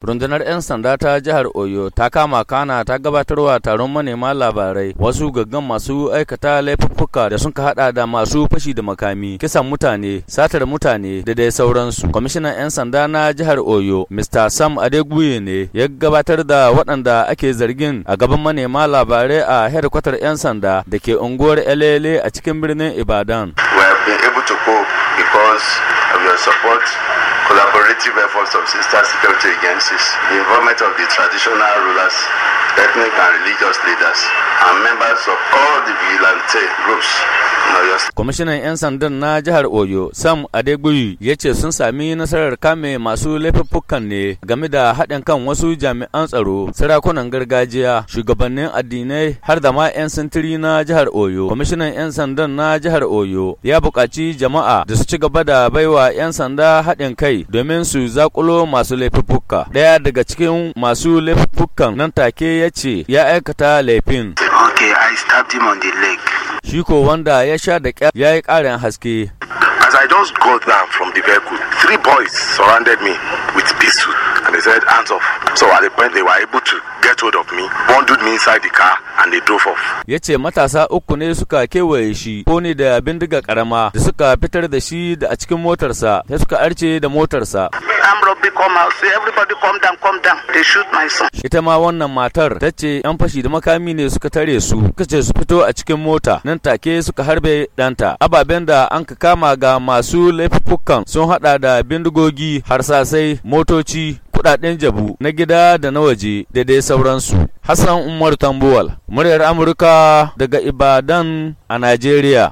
Rundunar 'yan sanda ta jihar Oyo ta kama kana ta gabatarwa taron manema labarai wasu gaggan masu aikata laifuffuka da sun ka hada da masu fashi da makami, kisan mutane, satar mutane da dai sauransu. Kwamishinan 'yan sanda na jihar Oyo, Mr. Sam Adeguye ne ya gabatar da waɗanda ake zargin a gaban manema labarai a hedkwatar 'yan sanda da ke unguwar Elele a cikin birnin Ibadan. been able to cope because of your support, collaborative efforts of sister security agencies, the involvement of the traditional rulers ethnic and religious leaders and members of all the vigilante groups Kwamishinan 'yan sandan na jihar Oyo, Sam Adegbuyi, ya ce sun sami nasarar kame masu laifuffukan ne game da haɗin kan wasu jami'an tsaro, sarakunan gargajiya, shugabannin addinai har da ma 'yan sintiri na jihar Oyo. Kwamishinan 'yan sandan na jihar Oyo ya buƙaci jama'a da su ci gaba da baiwa 'yan sanda haɗin kai domin su zakulo masu laifuffuka. Ɗaya daga cikin masu laifuffukan nan take ya ce ya aikata laifin. Okay, I stabbed him on the leg. Shi ko wanda ya sha da ƙyar ya yi ƙarin haske. As I just got down from the vehicle, three boys surrounded me with pistol and they said, hands off. So at the point they were able to get hold of me, bundled me inside the car and they drove off. Ya ce matasa uku ne suka kewaye shi ko ne da bindiga karama da suka fitar da shi da a cikin motarsa ya suka arce da motarsa. arm come out say everybody come down come down they shoot my son ita ma wannan matar ta ce yan fashi da makami ne suka tare su suka ce su fito a cikin mota nan take suka harbe danta ababen da an ka kama ga masu laifukan sun hada da bindigogi harsasai motoci kudaden jabu na gida da na waje da dai sauransu hassan umar tambuwal muryar amurka daga ibadan a najeriya